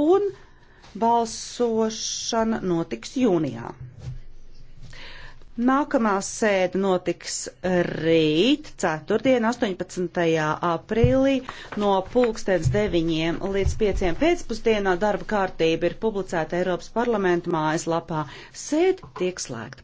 un balsošana notiks jūnijā. Nākamā sēde notiks rīt, ceturtdien, 18. aprīlī, no pulkstens 9 līdz 5 pēcpusdienā darba kārtība ir publicēta Eiropas parlamenta mājaslapā. Sēde tiek slēgta.